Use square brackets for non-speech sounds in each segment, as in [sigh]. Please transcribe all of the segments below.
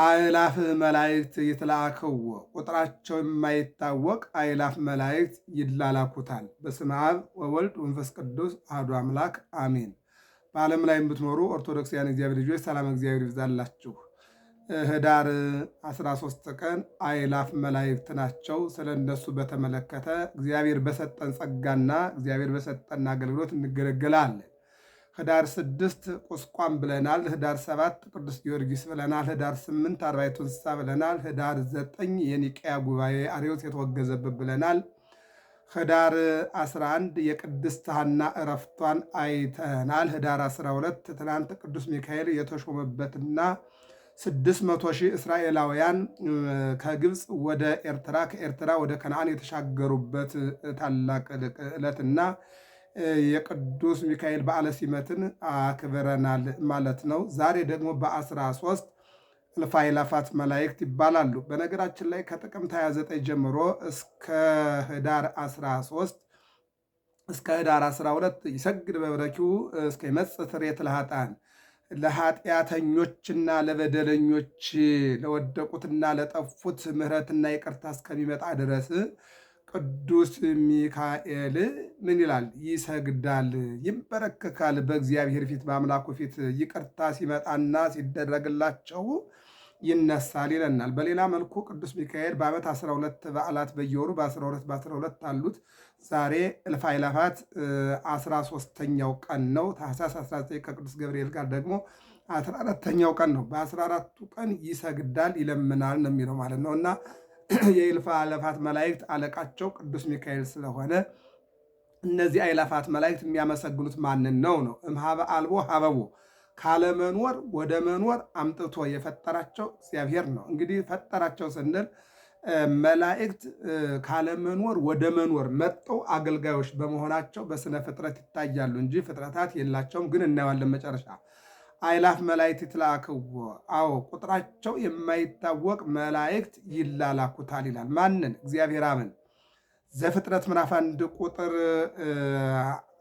አእላፍ መላእክት ይትላከዎ ቁጥራቸው የማይታወቅ አእላፍ መላእክት ይላላኩታል። በስመ አብ ወወልድ ወመንፈስ ቅዱስ አሐዱ አምላክ አሜን። በዓለም ላይ የምትኖሩ ኦርቶዶክሳውያን እግዚአብሔር ልጆች ሰላም እግዚአብሔር ይብዛላችሁ። ህዳር 13 ቀን አእላፍ መላእክት ናቸው። ስለ እነሱ በተመለከተ እግዚአብሔር በሰጠን ጸጋና እግዚአብሔር በሰጠን አገልግሎት እንገለገላለን። ህዳር ስድስት ቁስቋም ብለናል። ህዳር ሰባት ቅዱስ ጊዮርጊስ ብለናል። ህዳር ስምንት አራዊቱ እንስሳ ብለናል። ህዳር ዘጠኝ የኒቅያ ጉባኤ አርዮስ የተወገዘበት ብለናል። ህዳር 11 የቅድስት ሐና እረፍቷን አይተናል። ህዳር 12 ትናንት ቅዱስ ሚካኤል የተሾመበትና 600 ሺህ እስራኤላውያን ከግብፅ ወደ ኤርትራ ከኤርትራ ወደ ከነአን የተሻገሩበት ታላቅ ዕለትና የቅዱስ ሚካኤል በዓለ ሲመትን አክብረናል ማለት ነው። ዛሬ ደግሞ በአስራ ሦስት እልፍ አእላፋት መላእክት ይባላሉ። በነገራችን ላይ ከጥቅምት 29 ጀምሮ እስከ ህዳር 13 እስከ ህዳር 12 ይሰግድ በብረኪው እስከ ይመጽእ ስርየት ለኃጥኣን ለኃጢአተኞችና ለበደለኞች ለወደቁትና ለጠፉት ምሕረትና ይቅርታ እስከሚመጣ ድረስ ቅዱስ ሚካኤል ምን ይላል? ይሰግዳል፣ ይንበረከካል በእግዚአብሔር ፊት በአምላኩ ፊት ይቅርታ ሲመጣና ሲደረግላቸው ይነሳል ይለናል። በሌላ መልኩ ቅዱስ ሚካኤል በዓመት 12 በዓላት በየወሩ በ12 በ12 አሉት። ዛሬ እልፍ አእላፋት 13ተኛው ቀን ነው። ታኅሳስ 19 ከቅዱስ ገብርኤል ጋር ደግሞ 14ተኛው ቀን ነው። በ14ቱ ቀን ይሰግዳል፣ ይለምናል ነው የሚለው ማለት ነው እና [clears throat] የይልፋ አእላፋት መላእክት አለቃቸው ቅዱስ ሚካኤል ስለሆነ እነዚህ አእላፋት መላእክት የሚያመሰግኑት ማንን ነው? ነው እምሃበ አልቦ ሀበቦ ካለመኖር ወደ መኖር አምጥቶ የፈጠራቸው እግዚአብሔር ነው። እንግዲህ ፈጠራቸው ስንል መላእክት ካለመኖር ወደ መኖር መጠው አገልጋዮች በመሆናቸው በስነ ፍጥረት ይታያሉ እንጂ ፍጥረታት የላቸውም። ግን እናየዋለን መጨረሻ አይላፍ መላእክት ይላክዎ። አዎ ቁጥራቸው የማይታወቅ መላእክት ይላላኩታል ይላል። ማንን? እግዚአብሔር አምን ዘፍጥረት ምዕራፍ አንድ ቁጥር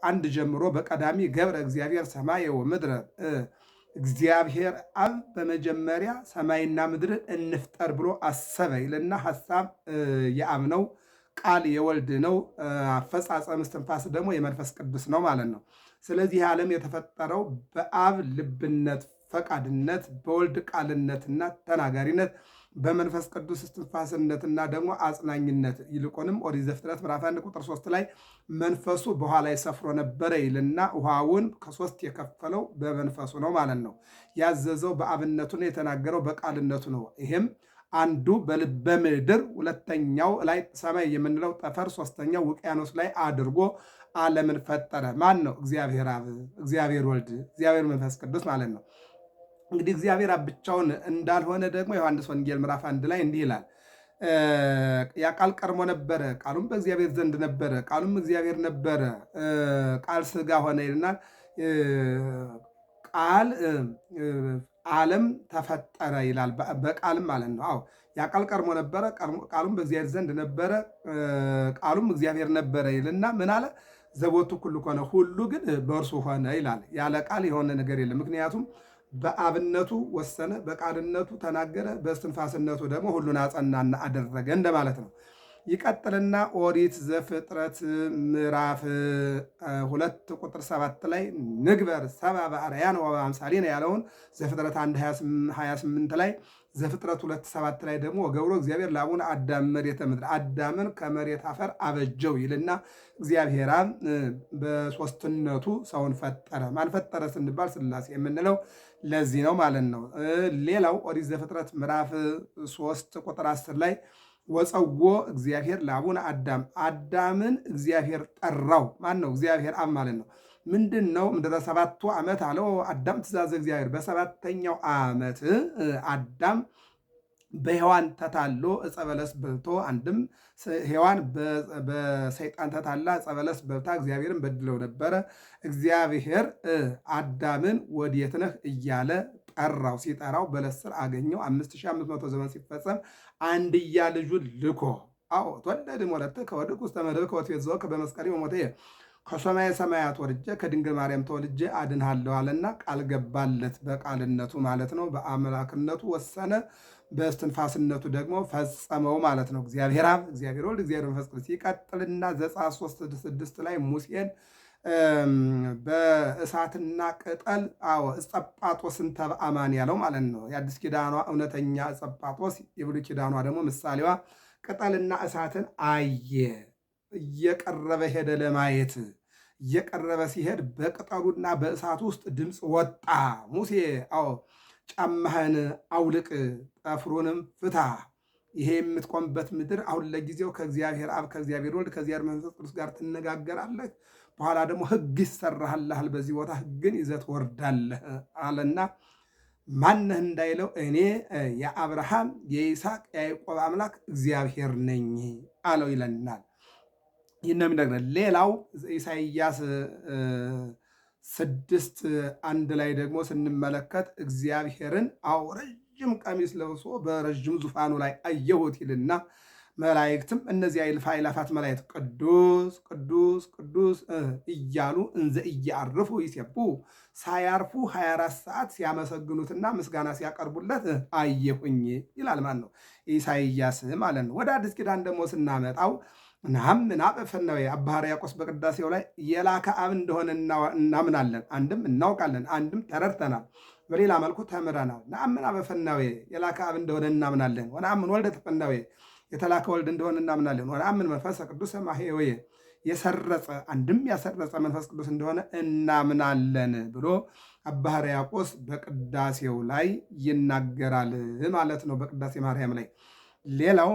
አንድ ጀምሮ በቀዳሚ ገብረ እግዚአብሔር ሰማየ ወምድረ፣ እግዚአብሔር አብ በመጀመሪያ ሰማይና ምድርን እንፍጠር ብሎ አሰበ ይልና ሀሳብ የአብ ነው፣ ቃል የወልድ ነው፣ አፈጻጸም እስትንፋስ ደግሞ የመንፈስ ቅዱስ ነው ማለት ነው። ስለዚህ ዓለም የተፈጠረው በአብ ልብነት ፈቃድነት በወልድ ቃልነትና ተናጋሪነት በመንፈስ ቅዱስ እስትንፋስነትና ደግሞ አጽናኝነት ይልቁንም ኦሪት ዘፍጥረት ምዕራፍ አንድ ቁጥር ሶስት ላይ መንፈሱ በውኃ ላይ ሰፍሮ ነበረ ይልና ውሃውን ከሶስት የከፈለው በመንፈሱ ነው ማለት ነው። ያዘዘው በአብነቱ ነው፣ የተናገረው በቃልነቱ ነው። ይህም አንዱ በልበ ምድር ሁለተኛው ላይ ሰማይ የምንለው ጠፈር ሶስተኛው ውቅያኖስ ላይ አድርጎ ዓለምን ፈጠረ። ማን ነው? እግዚአብሔር አብ፣ እግዚአብሔር ወልድ፣ እግዚአብሔር መንፈስ ቅዱስ ማለት ነው። እንግዲህ እግዚአብሔር አብ ብቻውን እንዳልሆነ ደግሞ ዮሐንስ ወንጌል ምዕራፍ አንድ ላይ እንዲህ ይላል ያ ቃል ቀድሞ ነበረ፣ ቃሉም በእግዚአብሔር ዘንድ ነበረ፣ ቃሉም እግዚአብሔር ነበረ፣ ቃል ስጋ ሆነ ይልናል ቃል ዓለም ተፈጠረ ይላል። በቃልም ማለት ነው። አዎ ያ ቃል ቀድሞ ነበረ፣ ቃሉም በእግዚአብሔር ዘንድ ነበረ፣ ቃሉም እግዚአብሔር ነበረ ይልና ምን አለ? ዘቦቱ ሁሉ ከሆነ ሁሉ ግን በእርሱ ሆነ ይላል። ያለ ቃል የሆነ ነገር የለም። ምክንያቱም በአብነቱ ወሰነ፣ በቃልነቱ ተናገረ፣ በእስትንፋስነቱ ደግሞ ሁሉን አጸናና አደረገ እንደማለት ነው። ይቀጥልና ኦሪት ዘፍጥረት ምዕራፍ ሁለት ቁጥር ሰባት ላይ ንግበር ሰባ በአርአያን ወበአምሳሊነ ያለውን ዘፍጥረት አንድ ሀያ ስምንት ላይ ዘፍጥረት ሁለት ሰባት ላይ ደግሞ ወገብሮ እግዚአብሔር ለአቡነ አዳም መሬተ ምድር አዳምን ከመሬት አፈር አበጀው ይልና እግዚአብሔር በሶስትነቱ ሰውን ፈጠረ። ማን ፈጠረ ስንባል ስላሴ የምንለው ለዚህ ነው ማለት ነው። ሌላው ኦሪት ዘፍጥረት ምዕራፍ ሶስት ቁጥር አስር ላይ ወፀዎ እግዚአብሔር ለአቡነ አዳም አዳምን እግዚአብሔር ጠራው። ማን ነው? እግዚአብሔር አብ ማለት ነው። ምንድን ነው? ምድረ ሰባቱ ዓመት አለው አዳም ትእዛዘ እግዚአብሔር። በሰባተኛው ዓመት አዳም በሔዋን ተታሎ ዕፀ በለስ በልቶ አንድም ሔዋን በሰይጣን ተታላ ዕፀ በለስ በልታ እግዚአብሔርን በድለው ነበረ። እግዚአብሔር አዳምን ወዴት ነህ እያለ ጠራው። ሲጠራው በለስር አገኘው። 5500 ዘመን ሲፈጸም አንድያ ልጁን ልኮ አዎ ተወለድ ሞለተ ከወድቅ ውስጥ ተመደብ ከወትቤት ዘወ በመስቀል ሞተ ከሰማይ ሰማያት ወርጄ ከድንግል ማርያም ተወልጄ አድንሃለሁ አለና ቃል ገባለት። በቃልነቱ ማለት ነው። በአምላክነቱ ወሰነ፣ በስትንፋስነቱ ደግሞ ፈጸመው ማለት ነው። እግዚአብሔር አብ፣ እግዚአብሔር ወልድ፣ እግዚአብሔር መንፈስ ቅዱስ። ይቀጥልና ዘጸአት 3፥6 ላይ ሙሴን በእሳትና ቅጠል አዎ እጸጳጦስን ተበአማን ያለው ማለት ነው። የአዲስ ኪዳኗ እውነተኛ እጸጳጦስ፣ የብሉይ ኪዳኗ ደግሞ ምሳሌዋ ቅጠልና እሳትን አየ። እየቀረበ ሄደ ለማየት እየቀረበ ሲሄድ በቅጠሉና በእሳቱ ውስጥ ድምፅ ወጣ። ሙሴ አዎ ጫማህን አውልቅ፣ ጠፍሩንም ፍታ ይሄ የምትቆምበት ምድር አሁን ለጊዜው ከእግዚአብሔር አብ ከእግዚአብሔር ወልድ ከእግዚአብሔር መንፈስ ቅዱስ ጋር ትነጋገራለህ። በኋላ ደግሞ ህግ ይሰራልሃል፣ በዚህ ቦታ ህግን ይዘት ወርዳለህ አለና ማነህ እንዳይለው እኔ የአብርሃም የይስሐቅ የያዕቆብ አምላክ እግዚአብሔር ነኝ አለው ይለናል። ይህን የሚነግረን ሌላው ኢሳይያስ ስድስት አንድ ላይ ደግሞ ስንመለከት እግዚአብሔርን አው ረዥም ቀሚስ ለብሶ በረዥም ዙፋኑ ላይ አየሁት ይልና መላእክትም እነዚያ አእላፋት መላእክት ቅዱስ ቅዱስ ቅዱስ እያሉ እንዘ እያርፉ ይሴቡ ሳያርፉ 24 ሰዓት ሲያመሰግኑትና ምስጋና ሲያቀርቡለት አየሁኝ ይላል። ማን ነው? ኢሳይያስ ማለት ነው። ወደ አዲስ ኪዳን ደግሞ ስናመጣው ናም አበፈናዊ አባ ሕርያቆስ በቅዳሴው ላይ የላከ አብ እንደሆነ እናምናለን፣ አንድም እናውቃለን፣ አንድም ተረድተናል፣ በሌላ መልኩ ተምረናል። ናምን አበፈናዊ የላከ አብ እንደሆነ እናምናለን። ወናምን ወልደ ተፈናዊ የተላከ ወልድ እንደሆነ እናምናለን። ወናምን መንፈሰ ቅዱስ ማሄወየ የሰረጸ አንድም ያሰረጸ መንፈስ ቅዱስ እንደሆነ እናምናለን ብሎ አባ ሕርያቆስ በቅዳሴው ላይ ይናገራል ማለት ነው። በቅዳሴ ማርያም ላይ ሌላው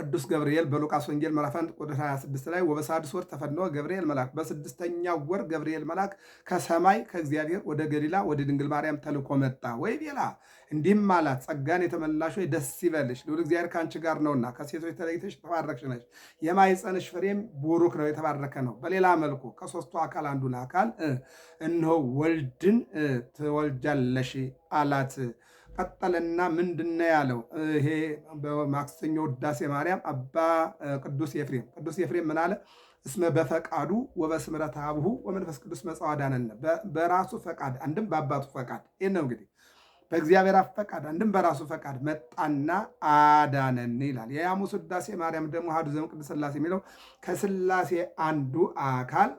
ቅዱስ ገብርኤል በሉቃስ ወንጌል ምዕራፍ 1 ቁጥር 26 ላይ ወበሳድስ ወር ተፈነወ ገብርኤል መልአክ። በስድስተኛው ወር ገብርኤል መልአክ ከሰማይ ከእግዚአብሔር ወደ ገሊላ ወደ ድንግል ማርያም ተልኮ መጣ። ወይ ቤላ እንዲህም አላት፣ ጸጋን የተመላሽ ሆይ ደስ ይበልሽ፣ ልዑል እግዚአብሔር ከአንቺ ጋር ነውና፣ ከሴቶች ተለይተሽ የተባረክሽ ነሽ፣ የማኅፀንሽ ፍሬም ቡሩክ ነው፣ የተባረከ ነው። በሌላ መልኩ ከሶስቱ አካል አንዱን አካል እነሆ ወልድን ትወልጃለሽ አላት። ቀጠለና ምንድነ ያለው? ይሄ በማክሰኞ ውዳሴ ማርያም አባ ቅዱስ ኤፍሬም ቅዱስ ኤፍሬም ምን አለ? እስመ በፈቃዱ ወበስምረት አብሁ ወመንፈስ ቅዱስ መጽዋዕዳነነ በራሱ ፈቃድ አንድም በአባቱ ፈቃድ ይህ ነው እንግዲህ በእግዚአብሔር አፈቃድ አንድም በራሱ ፈቃድ መጣና አዳነን ይላል። የሐሙስ ውዳሴ ማርያም ደግሞ አሐዱ ዘእምቅዱስ ሥላሴ የሚለው ከሥላሴ አንዱ አካል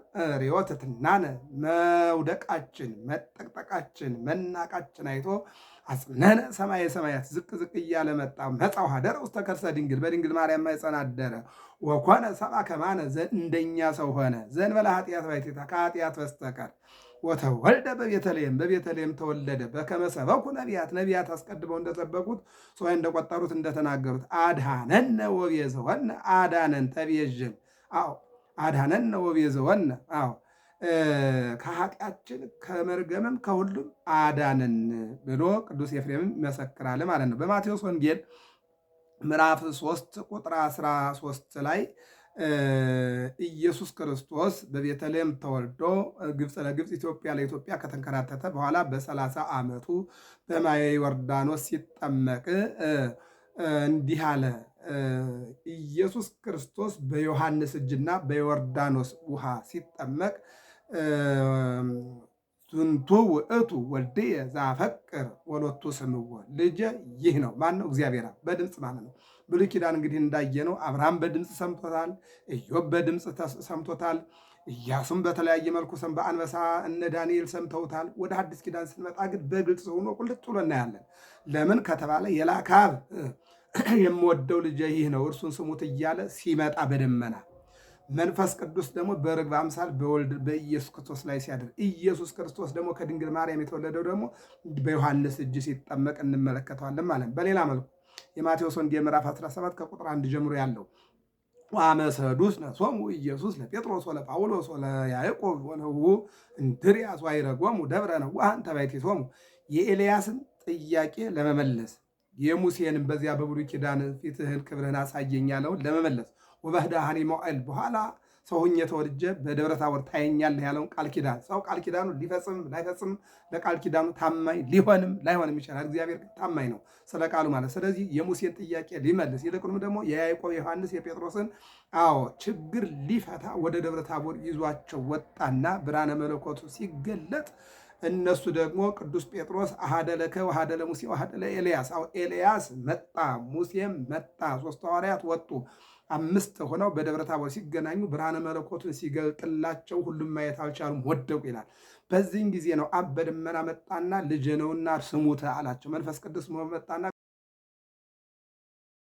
ርዮት ትናነ መውደቃችን፣ መጠቅጠቃችን፣ መናቃችን አይቶ አጽነነ ሰማየ ሰማያት ዝቅ ዝቅ እያለ መጣ። መጣው ሀደረ ውስተ ከርሰ ድንግል በድንግል ማርያም ማኅፀን አደረ። ወኮነ ሰብአ ከማነ እንደኛ ሰው ሆነ ዘእንበለ ኃጢአት ባሕቲታ ከኃጢአት በስተቀር ወተወልደ በቤተልሔም በቤተልሔም ተወለደ። በከመ ሰበኩ ነቢያት ነቢያት አስቀድመው እንደጠበቁት ሰው እንደቆጠሩት እንደተናገሩት አድሃነነ ወቤዘወነ አዳነን ተቤዥን አዎ አድሃነነ ወቤዘወነ አዎ ከኃጢአችን ከመርገምም ከሁሉም አዳነን ብሎ ቅዱስ ኤፍሬምም ይመሰክራል ማለት ነው። በማቴዎስ ወንጌል ምዕራፍ 3 ቁጥር 13 ላይ ኢየሱስ ክርስቶስ በቤተልሔም ተወልዶ ግብፅ ለግብፅ ኢትዮጵያ ለኢትዮጵያ ከተንከራተተ በኋላ በሰላሳ ዓመቱ በማየ ዮርዳኖስ ሲጠመቅ እንዲህ አለ። ኢየሱስ ክርስቶስ በዮሐንስ እጅና በዮርዳኖስ ውሃ ሲጠመቅ ዝንቱ ውእቱ ወልድየ ዛፈቅር ወሎቱ ስምዎ ልጄ ይህ ነው። ማን ነው? እግዚአብሔር በድምፅ ማለት ነው። ብሉይ ኪዳን እንግዲህ እንዳየነው አብርሃም በድምፅ ሰምቶታል። ኢዮብ በድምፅ ሰምቶታል። እያሱም በተለያየ መልኩ ሰም በአንበሳ እነ ዳንኤል ሰምተውታል። ወደ አዲስ ኪዳን ስንመጣ ግን በግልጽ ሆኖ ቁልጥ ብሎ እናያለን። ለምን ከተባለ የላካብ [clears throat] የምወደው ልጄ ይህ ነው እርሱን ስሙት እያለ ሲመጣ በደመና መንፈስ ቅዱስ ደግሞ በርግብ አምሳል በወልድ በኢየሱስ ክርስቶስ ላይ ሲያድር ኢየሱስ ክርስቶስ ደግሞ ከድንግል ማርያም የተወለደው ደግሞ በዮሐንስ እጅ ሲጠመቅ እንመለከተዋለን ማለት በሌላ መልኩ የማቴዎስ ወንጌል ምዕራፍ 17 ከቁጥር 1 ጀምሮ ያለው አመሰዱስ ነሶሙ ኢየሱስ ለጴጥሮስ ወለጳውሎስ ወለያዕቆብ ወለውሁ እንድርያስ ዋይረጎሙ ደብረ ነዋሃን ተባይቲሶሙ የኤልያስን ጥያቄ ለመመለስ የሙሴንም በዚያ በብሉይ ኪዳን ፊትህን ክብርህን አሳየኝ ያለውን ለመመለስ ወበህዳሃኒ ሞዕል በኋላ ሰው ሁኜ ተወልጄ በደብረ ታቦር ታየኛለህ ያለውን ቃል ኪዳን ሰው ቃል ኪዳኑ ሊፈጽም ላይፈጽም ለቃል ኪዳኑ ታማኝ ሊሆንም ላይሆንም ይችላል። እግዚአብሔር ግን ታማኝ ነው ስለ ቃሉ ማለት። ስለዚህ የሙሴን ጥያቄ ሊመልስ ይልቁንም ደግሞ የያዕቆብ የዮሐንስ፣ የጴጥሮስን አዎ ችግር ሊፈታ ወደ ደብረ ታቦር ይዟቸው ወጣና ብርሃነ መለኮቱ ሲገለጥ እነሱ ደግሞ ቅዱስ ጴጥሮስ አሃደ ለከ ወአሃደ ለሙሴ ወአሃደ ለኤልያስ፣ አዎ ኤልያስ መጣ፣ ሙሴም መጣ፣ ሶስት ሐዋርያት ወጡ። አምስት ሆነው በደብረ ታቦር ሲገናኙ ብርሃነ መለኮቱን ሲገልጥላቸው ሁሉም ማየት አልቻሉም፣ ወደቁ ይላል። በዚህን ጊዜ ነው አብ በደመና መጣና ልጄ ነውና ስሙት አላቸው። መንፈስ ቅዱስ መጣና